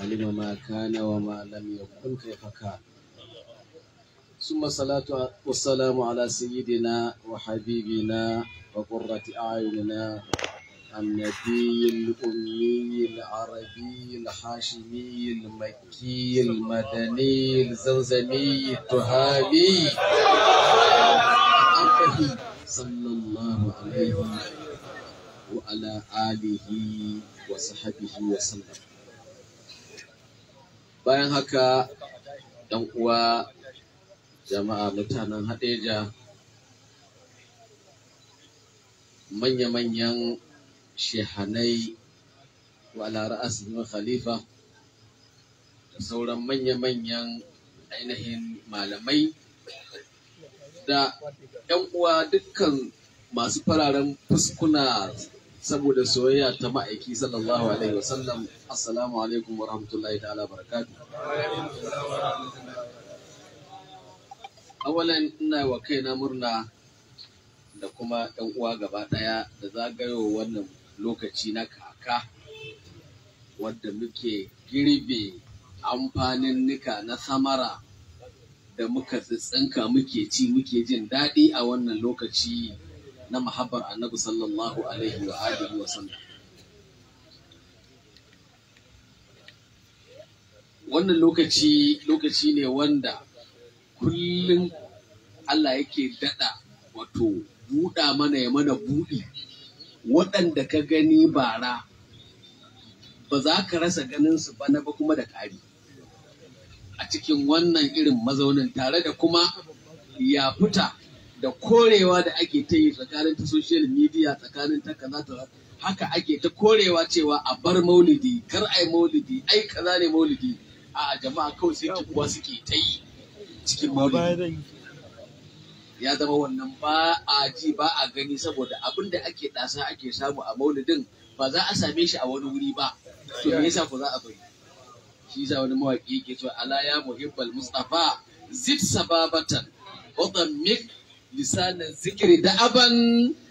علم ما كان وما لم يكن كيف كان ثم الصلاة والسلام على سيدنا وحبيبنا وقرة أعيننا النبي الأمي العربي الحاشمي المكي المدني الزمزمي التهامي صلى الله عليه وعلى آله وصحبه وسلم bayan haka yan uwa jama'a mutanen hadeja manya-manyan shehanai wa ra'as bin khalifa da sauran manya-manyan ainihin malamai da 'yan uwa dukkan masu fararen fuskuna saboda soyayya ta ma'aiki sallallahu alaihi sallam assalamu alaikum wa rahmatullahi ta'ala barakatu awalan ina wa kaina murna da kuma ɗan uwa gaba ɗaya da zagayo wannan lokaci na kaka wadda muke girbe amfanin nika na samara da muka tsinka muke ci muke jin daɗi a wannan lokaci na mahabbar annabi sallallahu alaihi wa alihi wa sallam wannan lokaci lokaci ne wanda kullum Allah yake dada wato buɗa mana ya mana buɗi waɗanda ka gani bara ba za ka rasa ganin su na ba kuma da ƙari a cikin wannan irin mazaunin tare da kuma ya fita da korewa da ake ta yi tsakanin ta social media tsakanin ta kaza ta haka ake ta korewa cewa a bar maulidi kar a yi maulidi ai kaza ne maulidi a jama'a kawai sai kuwa suke ta yi cikin maulidi ya zama wannan ba a ji ba a gani saboda abin da ake ɗasa ake samu a maulidin ba za a same shi a wani wuri ba to me yasa ku za a bari shi yasa wani mawaƙi yake cewa ala ya muhibbal mustafa zid sababatan wa dhammik lisanin zikiri da aban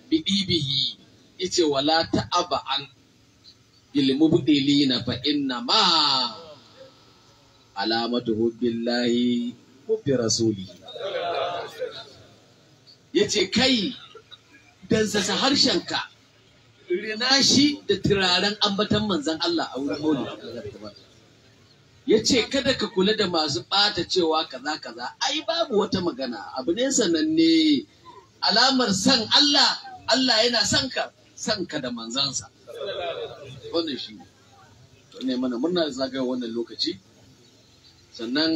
bidibihi ice wala aba an ilmu budilina fa inna ma alamatu hubbillahi hubbi rasuli yace kai dan sa harshenka rina shi da turaren ambatan manzon Allah a wurin maulidi ya ce kada ka kula da masu ɓata cewa kaza kaza ai babu wata magana abu ne sananne alamar san Allah Allah yana son ka son ka da manzansa wannan shi ne mana murna zagaya wannan lokaci sannan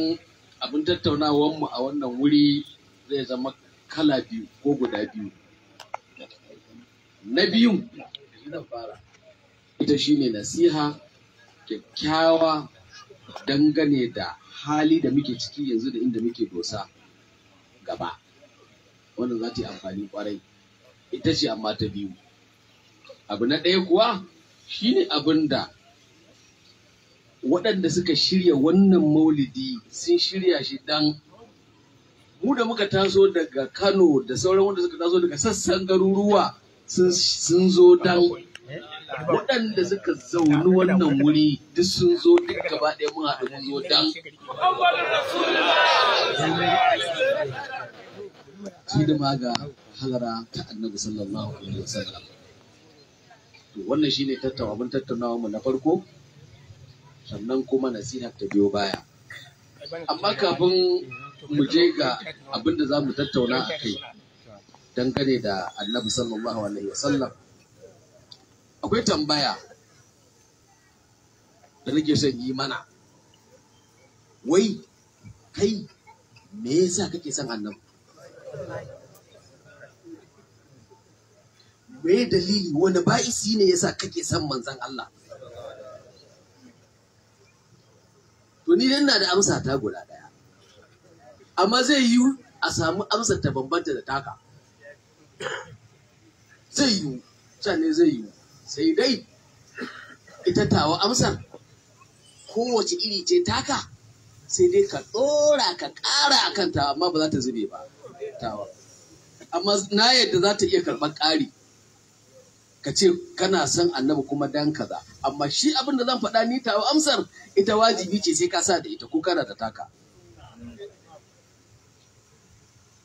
abin tattaunawar mu a wannan wuri zai zama kala biyu ko guda biyu na biyun ita shine nasiha kyakkyawa dangane da hali da muke ciki yanzu da inda muke dosa gaba wannan za ta yi amfani kwarai ita ce amma ta biyu abu na ɗaya kuwa shine abin da waɗanda suka shirya wannan maulidi sun shirya shi dan mu da muka taso daga kano da sauran wanda suka taso daga sassan garuruwa sun zo dan waɗanda suka zauni wannan wuri duk sun zo duk gaba ɗaya mun haɗu mun zo dan hidima ga halara ta annabi sallallahu alaihi wasallam to wannan shine tattaunawa mun tattaunawa mu na farko sannan kuma nasiha ta biyo baya amma kafin mu je ga abinda da za mu tattauna a kai dangane da annabi sallallahu alaihi wasallam akwai tambaya da nake son yi mana wai kai me yasa kake son annabi me dalili wani ba'isi ne yasa kake son manzan Allah to ni na da amsa ta guda daya amma zai yiwu a samu amsar ta bambanta da taka zai yiwu can ne zai yiwu sai dai ita tawa amsar kowace iri ce taka sai dai ka ɗora ka ƙara akan ta amma ba za ta zube ba tawa amma na yadda za ta iya karɓar ƙari ka ce kana son annabi kuma dan kaza amma shi abin da zan faɗa ni tawa amsar ita wajibi ce sai ka sa da ita ko kana da taka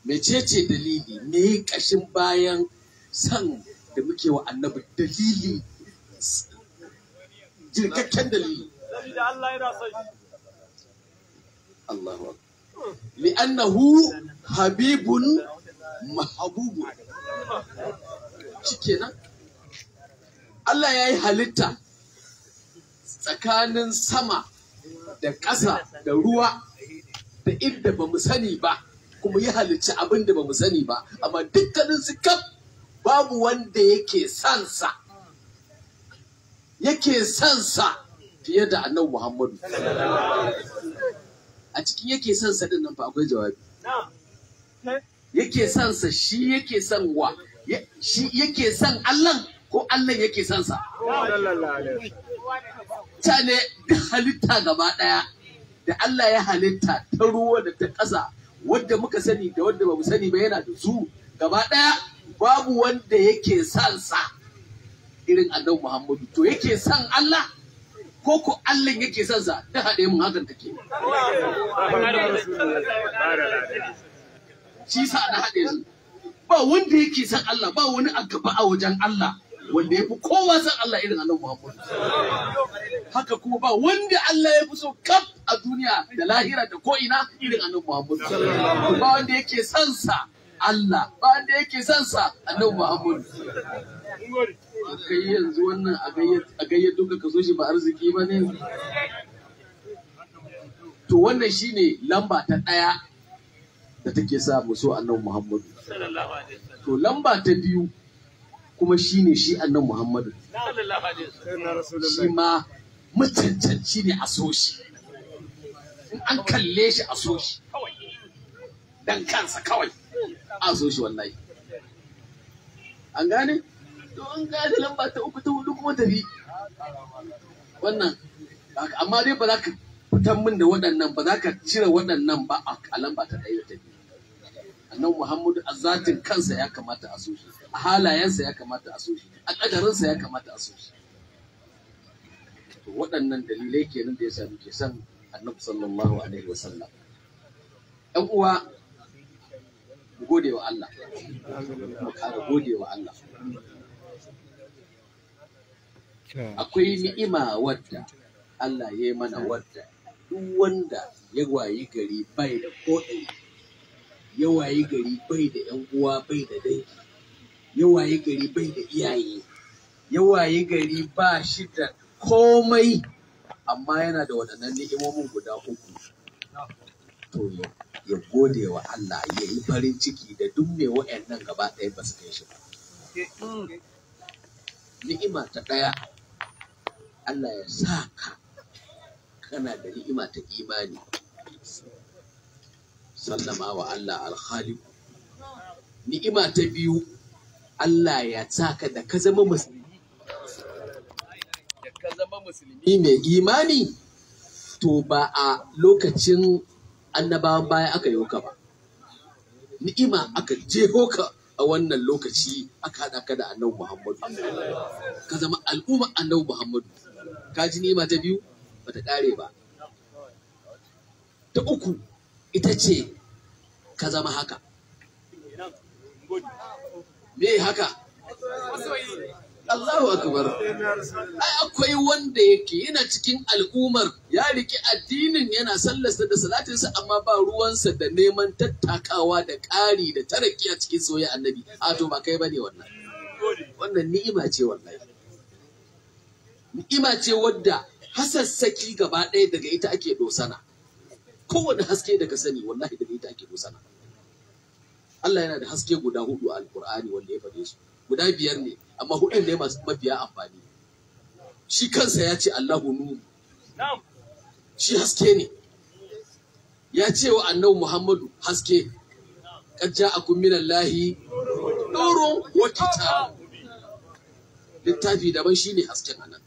mecece dalili me ƙashin bayan son da muke wa annabi dalili jirkakken dalili Allahu li'annahu habibun mahabubu shikenan Allah ya yi halitta tsakanin sama da ƙasa da ruwa da inda ba mu sani ba kuma ya halicci abin da ba mu sani ba amma dukkanin su kaf babu wanda yake sansa yake sansa fiye da annabi Muhammadu a cikin yake sansa din nan fa akwai jawabi yake sansa shi yake san wa shi yake san Allah ko Allah yake sansa ta ne halitta gaba daya da Allah ya halitta ta ruwa da ta ƙasa wadda muka sani da wadda ba mu sani ba yana da su gaba daya babu wanda yake son sa irin annabi Muhammadu to yake son Allah ko ko Allah yake son sa da haɗe mun hakan take shi sa na haɗe su ba wanda yake son Allah ba wani a gaba a wajen Allah wanda ya fi kowa san Allah irin annabi Muhammadu haka kuma ba wanda Allah ya fi so kaf a duniya da lahira da ko ina irin annabi Muhammadu ba wanda yake son sa Allah ba wanda yake son sa annabi Muhammad kai yanzu wannan a gayyato ka ka so shi ba arziki ba ne to wannan shine lamba ta ɗaya da take sa mu so annabi Muhammad to lamba ta biyu kuma shine shi annabi Muhammad shi ma mutuntanci ne a so shi in an kalle shi a so shi dan kansa kawai a so shi wallahi an gane to an gane lamba ta uku ta hudu kuma tafi wannan amma dai ba za ka fitan min da waɗannan ba za ka cire waɗannan ba a lamba ta ɗaya ta biyu annan muhammadu a zatin kansa ya kamata a so shi a halayensa ya kamata a so shi a ƙadarinsa ya kamata a so shi waɗannan dalilai kenan da ya sa muke son annabi sallallahu alaihi wasallam ɗan uwa mu gode wa Allah mu kara gode wa Allah akwai ni'ima wadda Allah ya yi mana wadda duk wanda ya wayi gari bai da koɗin ya wayi gari bai da yan uwa bai da dai, ya wayi gari bai da iyaye ya wayi gari ba shi da komai amma yana da waɗannan ni'imomin guda uku to yau ya gode wa Allah ya yi farin ciki da duk mai wa'annan gaba ɗaya ba su kai shi ba. Ni'ima ta ɗaya Allah ya sa ka kana da ni'ima ta imani sallama wa Allah alkhaliku ni'ima ta biyu Allah ya sa ka da ka zama musulmi da ka zama musulmi mai imani to ba a lokacin annabawan baya aka yi ka ba ni'ima aka jeho ka a wannan lokaci aka haɗa ka da annabi Muhammadu ka zama al'umma annabi Muhammadu ka ji ni'ima ta biyu bata kare ba ta uku ita ce ka zama haka me haka Allahu akbar ai akwai wanda yake yana cikin al'umar ya riki addinin yana sallarsa da salatinsa amma ba ruwansa da neman tattakawa da ƙari da taraki a cikin soyayya annabi a to ba kai bane wannan wannan ni'ima ce wallahi ni'ima ce wadda hasassaki gaba ɗaya daga ita ake dosana kowane haske daga sani wallahi daga ita ake dosana Allah yana da haske guda hudu a alkur'ani wanda ya faɗe su guda biyar ne amma hudun ne masu mafiya amfani shi kansa ya ce Allahu nuru shi haske ne ya ce wa annabi Muhammadu haske kad aku minallahi nurun wa kitab littafi daban shine hasken anan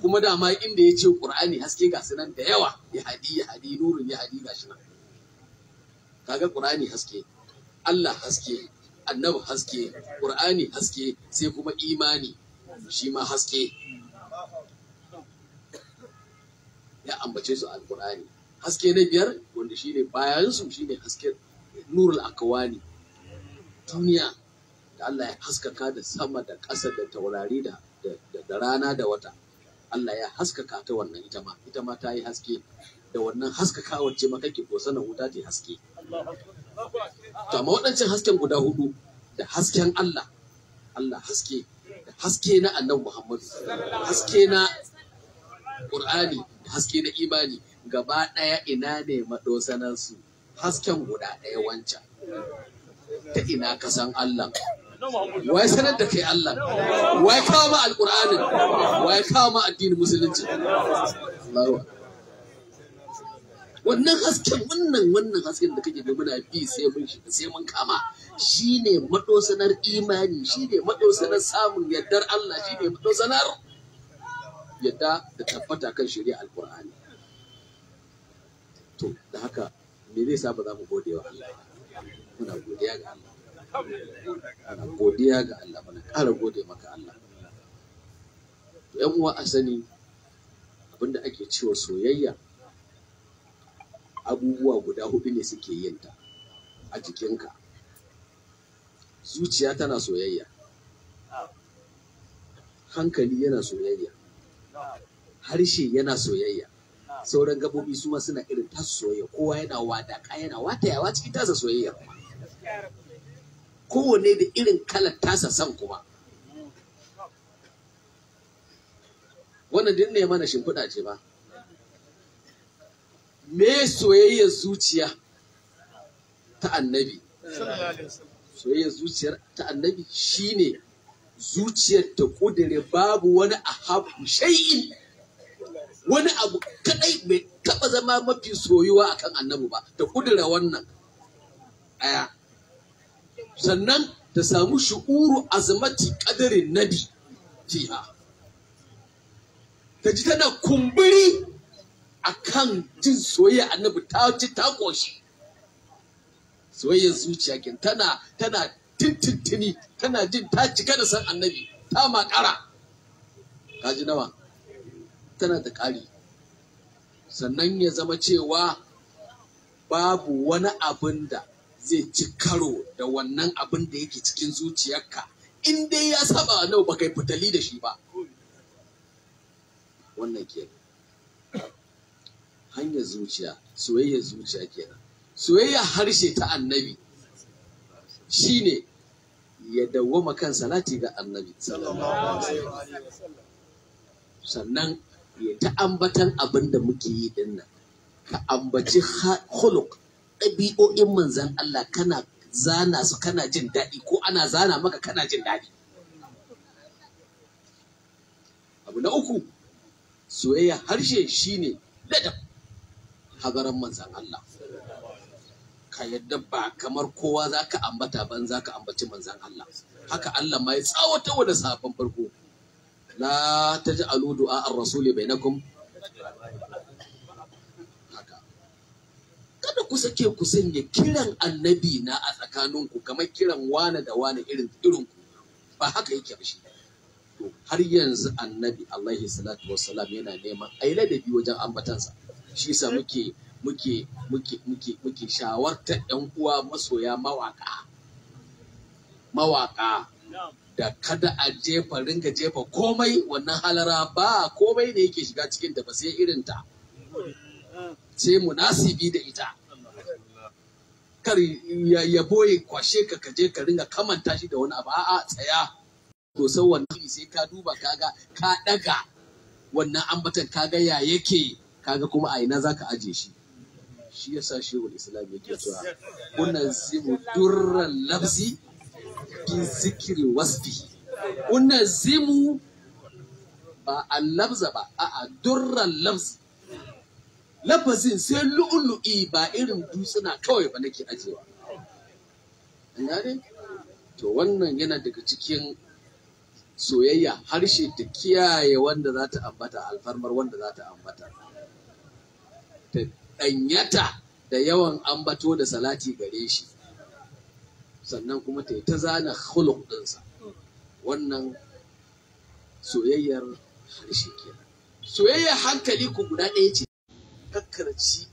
kuma dama inda ya ce Qur'ani haske ga sunan da yawa ya hadi ya hadi nurun ya hadi ga shi nan kaga Qur'ani haske Allah haske annabi haske ƙur'ani haske sai kuma imani shi ma haske ya ambace su alƙur'ani haske na biyar wanda shine bayan su ne haske nurul akawani duniya da Allah ya haskaka da sama da ƙasa da taurari da da rana da wata Allah ya haskaka ta wannan ita ma ita ma ta yi haske da wannan haskaka wacce ma ke ko sanin wuta ta haske To amma waɗancan hasken guda hudu da hasken Allah, Allah haske, da haske na annabi Muhammadu, haske na Ƙur'ani, da haske na imani gaba ɗaya ina ne maɗosanansu hasken guda ɗaya wancan. Ta ina ka san Allah. Wai sanar da kai Allah, wai kawo ma Alƙur'anin, wai kawo ma addinin Musulunci. Allah wannan hasken wannan wannan hasken da kake ga muna bi sai mun shiga sai mun kama shine madosanar imani shine madosanar samun yaddar Allah shine madosanar yadda da tabbata kan shari'a alqur'ani to da haka me zai sa ba za mu gode wa Allah muna godiya ga Allah muna godiya ga Allah muna ƙara gode maka Allah to yan uwa a sani abinda ake cewa soyayya abubuwa guda hudu ne suke yin ta a jikinka zuciya tana soyayya hankali yana soyayya harshe yana soyayya sauran gabobi su ma suna irin tasu soyayya kowa yana ka yana watayawa cikin tasa soyayya kuma kowane da irin kalar tasa san kuma wannan duk ne mana shimfiɗa ce ba me soyayyar zuciya ta annabi soyayyar zuciyar ta annabi shine zuciyar ta kudure babu wani ahabu shay'in wani abu kadai bai taba zama mafi soyuwa akan annabi ba ta kudure wannan aya sannan ta samu shu'uru azmati qadarin nabi fiha ta ji tana kumburi akan jin soyayya annabi ta ci ta koshi soyayyar zuciya kin tana tana tintintini tana jin ta cika da san annabi ta makara kaji nawa tana da ƙari sannan ya zama cewa babu wani abin da zai ci karo da wannan abin da yake cikin zuciyarka in dai ya saba nau ba kai fitali da shi ba wannan kenan hanyar zuciya soyayyar zuciya kenan Soyayya harshe ta annabi shine ya dawwama kan salati ga annabi sannan ya ta ambatan abin da muke yi din nan ka ambaci huluk ɗabi'o'in manzan Allah kana zana su kana jin daɗi ko ana zana maka kana jin daɗi abu na uku soyayya harshe shine ladab hagaran manzan Allah ka yadda ba kamar kowa za ka ambata ban za ka ambaci manzan Allah haka Allah ma ya tsawata wa da safan farko la ta ji alu du'a an rasuli bai kada ku sake ku sanya kiran annabi na a tsakaninku kamar kiran wane da wane irin irin ku ba haka yake ba shi har yanzu annabi alaihi salatu wassalam yana neman aila da biyu wajen ambatansa shi sa muke muke muke muke muke shawartar yan uwa masoya mawaka mawaka da kada a jefa ringa jefa komai wannan halara ba komai ne yake shiga cikin da ba sai irin ta sai munasibi da ita kar ya yabo ya kwashe ka kaje ka ringa kamanta shi da wani abu a tsaya to sai wannan sai ka duba kaga ka daga wannan ambatan kaga ya yake kaga kuma a ina zaka aje shi shi yasa shehul islam yake cewa kuna zimu durran labzi bi zikri wasfi kuna zimu ba lafza ba a'a durran labzi lafazin sai lu'ulu'i ba irin dutsuna kawai ba nake ajewa to wannan yana daga cikin soyayya harshe ta kiyaye wanda za ta ambata alfarmar wanda za ta ambata ɗanyata da yawan ambato da salati gare shi sannan kuma ta ta zana huluk ɗinsa wannan soyayyar harshe ke soyayyar hankali ku guda ɗaya ce kakkarci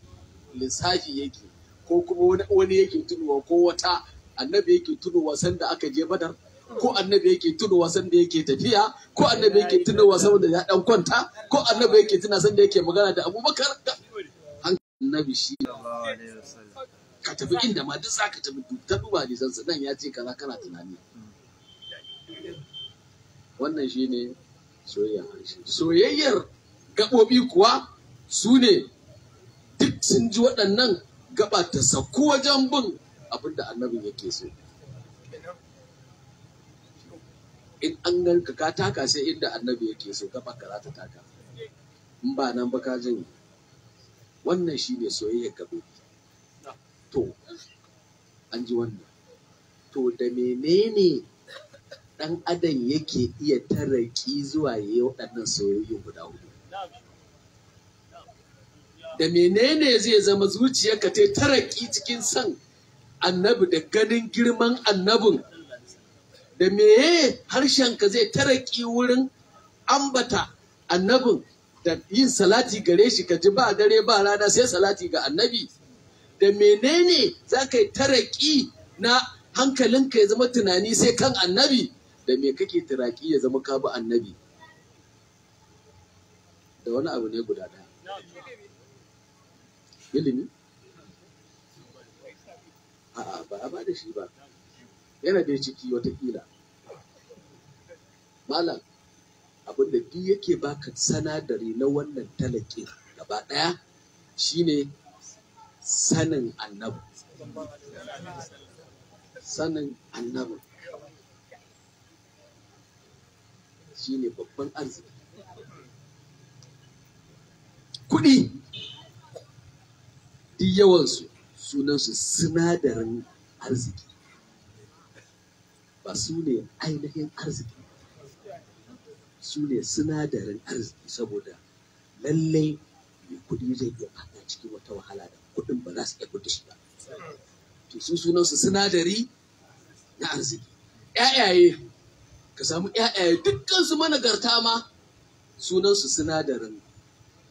lissafi yake ko kuma wani yake tunuwa ko wata annabi yake tunuwa sanda aka je badar ko annabi yake tunuwa sanda yake tafiya ko annabi yake tunuwa sanda ya dan kwanta ko annabi yake tuna sanda yake magana da abubakar annabi shi ka tafi inda ma duk za ka tafi ta duba jisansa dan ya ce kaza kana tunani wannan shi ne soyayyar harshe soyayyar gaɓoɓi kuwa su ne duk sun ji waɗannan gaba ta sauku wajen bin abin da annabin yake so in an ganka ka taka sai inda annabi yake so gaba ka za ta taka in ba nan ba ka jin wannan shi ne soyayyar gabobi to an ji wannan to da menene ɗan adam yake iya taraki zuwa ya yi waɗannan soyayyu guda hudu da menene zai zama zuciyarka ta taraki cikin son annabi da ganin girman annabin da meye harshenka zai taraki wurin ambata annabin da yin salati gare shi ka ji ba dare ba rana sai salati ga annabi da menene za ka yi taraki na hankalinka ya zama tunani sai kan annabi da me kake taraki ya zama ka annabi da wani abu ne guda ɗaya ilimi a'a ba a ba da shi ba yana bai ciki watakila malam abinda duk yake baka sanadari na wannan talakin gaba ɗaya shine sanin annabi sanin annabi shine babban arziki kuɗi duk yawansu sunansu sinadarin arziki ba su ne ainihin arziki su ne sinadarin arziki saboda lallai mai kuɗi zai iya a cikin wata wahala da kuɗin ba za su iya kuɗi shi ba to su sunansu sinadari na arziki Ya'yaye, ka samu ƴaƴaye dukkansu managarta ma sunansu sinadarin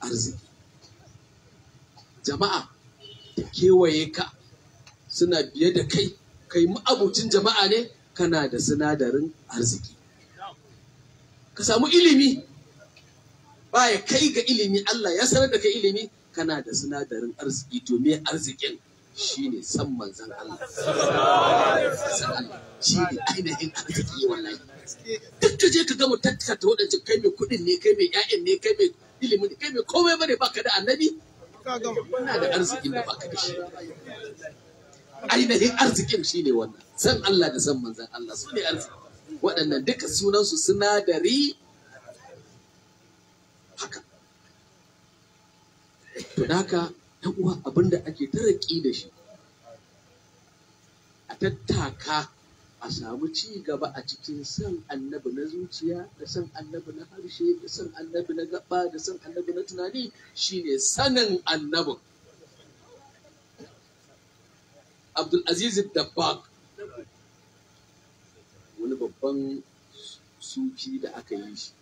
arziki jama'a da kewaye ka suna biye da kai kai ma'abucin jama'a ne kana da sinadarin arziki ka samu ilimi ba ya kai ga ilimi Allah ya sanar da kai ilimi kana da sinadarin arziki to me arzikin shine san manzan Allah shine ainihin arziki wallahi duk ka je ka gama tattata waɗancan kai mai kuɗin ne kai mai ƴaƴan ne kai mai ilimin ne kai mai komai bane baka da annabi Kana da arzikin da baka da shi ainihin arzikin shine wannan san Allah da san manzan Allah su ne arziki waɗannan duka sunansu sinadari haka to haka ɗan uwa abinda ake taraƙi da shi a tattaka a samu ci gaba a cikin san annabi na zuciya da san annabi na harshe da san annabi na gaba da san annabi na tunani shine sanin annabin abdulaziz dabbaq wani babban sufi da aka yi shi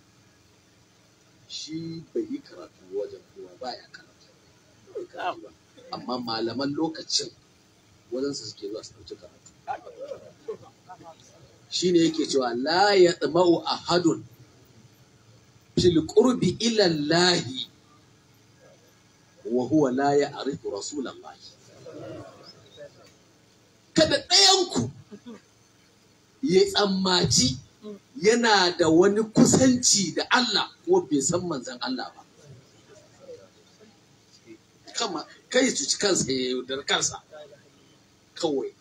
shi bai yi karatu wajen kowa ba ya karatu amma malaman lokacin wajen su suke zuwa su ɗauki karatu shi ne yake cewa la ya tsamau a hadun fil qurbi ila lahi wa huwa la ya arifu rasulan lahi kada ɗayanku ya tsammaci yana da wani kusanci da Allah ko bai san manzan Allah ba. Kama kai cuci kansa ya yaudar kansa kawai.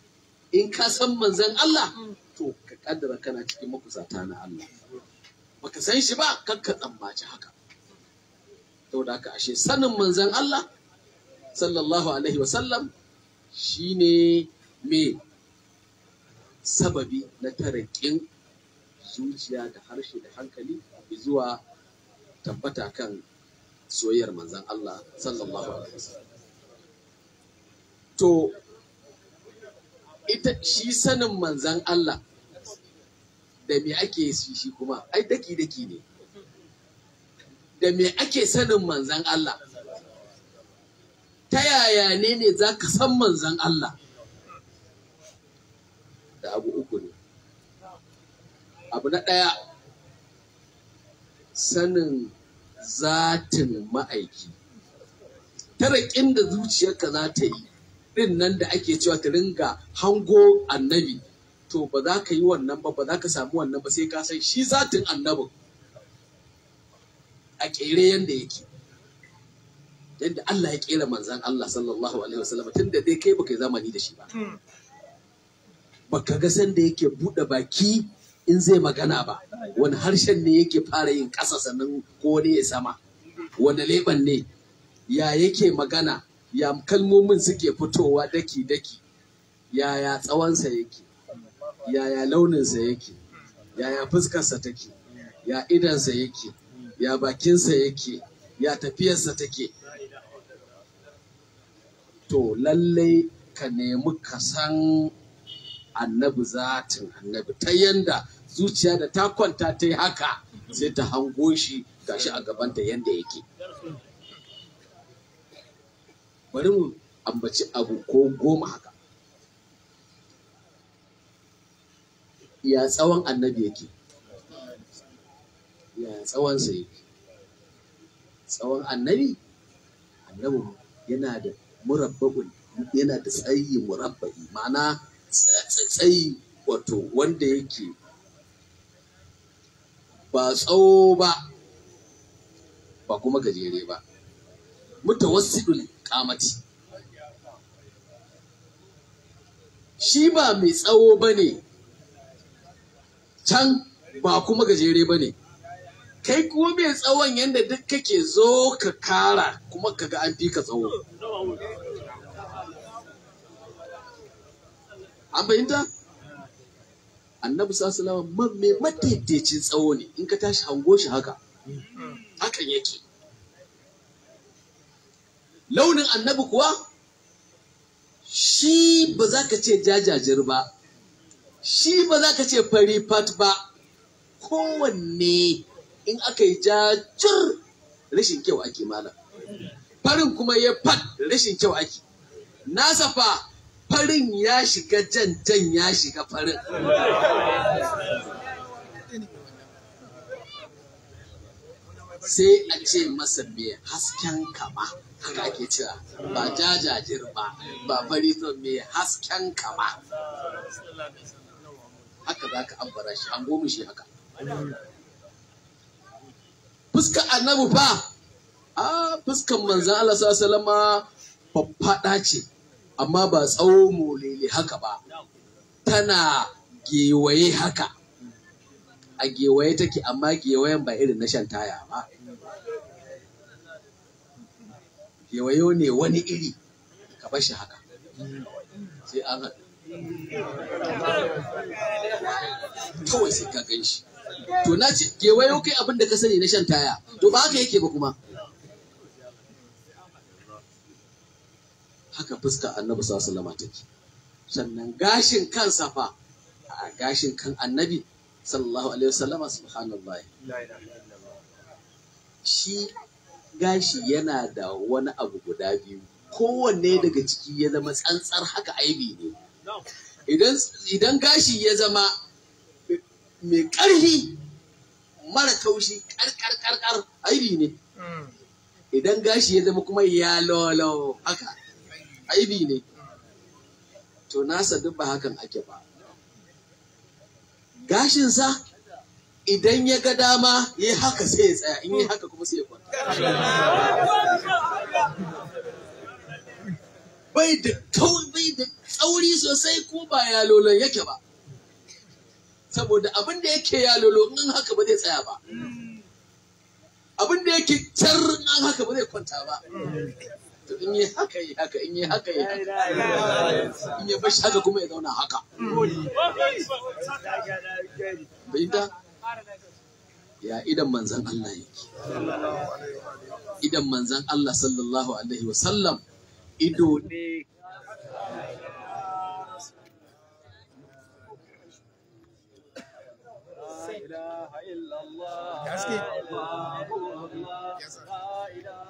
In ka san manzan Allah to ka kaddara kana cikin makusata na Allah. Baka san shi ba kar ka tsammaci haka. da ka ashe sanin manzan Allah sallallahu alaihi wasallam shine me sababi na tarakin zuciya da harshe da hankali zuwa tabbata kan soyayyar manzan Allah sallallahu alaihi to ita shi sanin manzan Allah da me ake shi shi kuma ai daki daki ne da me ake sanin manzan Allah ta yaya ne ne za ka san manzan Allah da abu uku ne abu na ɗaya sanin zatin ma'aiki tarakin da zuciyarka za ta yi ɗin nan da ake cewa ta ringa hango annabi to ba za ka yi wannan ba ba za ka samu wannan ba sai ka san shi zatin annabin a ƙere yadda yake yadda Allah ya ƙera manzan Allah sallallahu alaihi wasallam tun da dai kai ba kai zamani da shi ba hmm. baka ga sanda yake buɗe baki in zai magana ba wani harshen ne yake fara yin ƙasa sannan ko ne ya sama wani leɓen ne ya yake magana ya kalmomin suke fitowa daki-daki yaya tsawonsa yake yaya launinsa yake yaya fuskarsa take ya idansa yake ya bakinsa yake ya tafiyarsa take to lallai ka nemi ka san annabi zatin annabi ta yanda zuciya da ta kwanta ta yi haka sai ta hango shi gashi a gabanta yanda yake bari mu ambaci abu ko goma haka ya tsawon annabi yake ya tsawon sa yake tsawon annabi annabi yana da murabba'un yana da tsayi murabba'i ma'ana tsayi wato wanda yake ba tsawo ba ba kuma gajere ba mutawassidul kamati shi ba mai tsawo ba ne can ba kuma gajere ba ne kai kuma mai tsawon yadda duk kake zo ka kara kuma kaga an fi ka tsawo an fahimta annabi sallallahu alaihi mai madaidaicin tsawo ne in ka tashi hango shi haka hakan yake launin annabi kuwa shi ba za ka ce jajajir ba shi ba za ka ce fari fat ba kowanne in aka yi jajir rashin kyau ake malam farin kuma ya fat rashin kyau ake nasa fa farin ya shiga jan jan ya shiga farin sai a ce masa mai hasken kama haka ake cewa ba jajajir ba ba fari to mai hasken kama haka za ka ambara shi an goma shi haka fuska annabu fa a fuskan manzan Allah sallallahu faffaɗa ce amma ba tsawo molele haka ba tana gewaye haka a gewaye take amma gewayen ba irin na shan taya ba gewayo ne wani iri ka bashi shi haka sai an haɗu kawai sai ka gan shi to na ce gewayo kai abin da ka sani na shan taya to ba haka yake ba kuma haka fuska annabi sallama take sannan gashin kansa fa a gashin kan annabi sallallahu alaihi wasallama subhanallahi shi gashi yana da wani abu guda biyu kowanne daga ciki ya zama tsantsar haka aibi ne idan gashi ya zama mai ƙarfi mara kaushi ƙarƙarƙarƙar aibi ne mm. idan gashi ya zama kuma ya lolo haka aibi ne to nasa duk ba hakan ake ba gashinsa idan ya ga dama ya haka sai ya tsaya in yi haka kuma sai ya kwanta bai da bai da tsauri sosai ko ba yalolon yake ba saboda abin da yake yalolo in haka ba zai tsaya ba abin da yake car an haka ba zai kwanta ba to in yi haka yi haka in yi haka yi haka in ya bashi haka kuma ya zauna haka bayyanta ya idan manzan Allah yake idan manzan Allah sallallahu alaihi wa sallam ido ne لا إله إلا الله لا إله إلا الله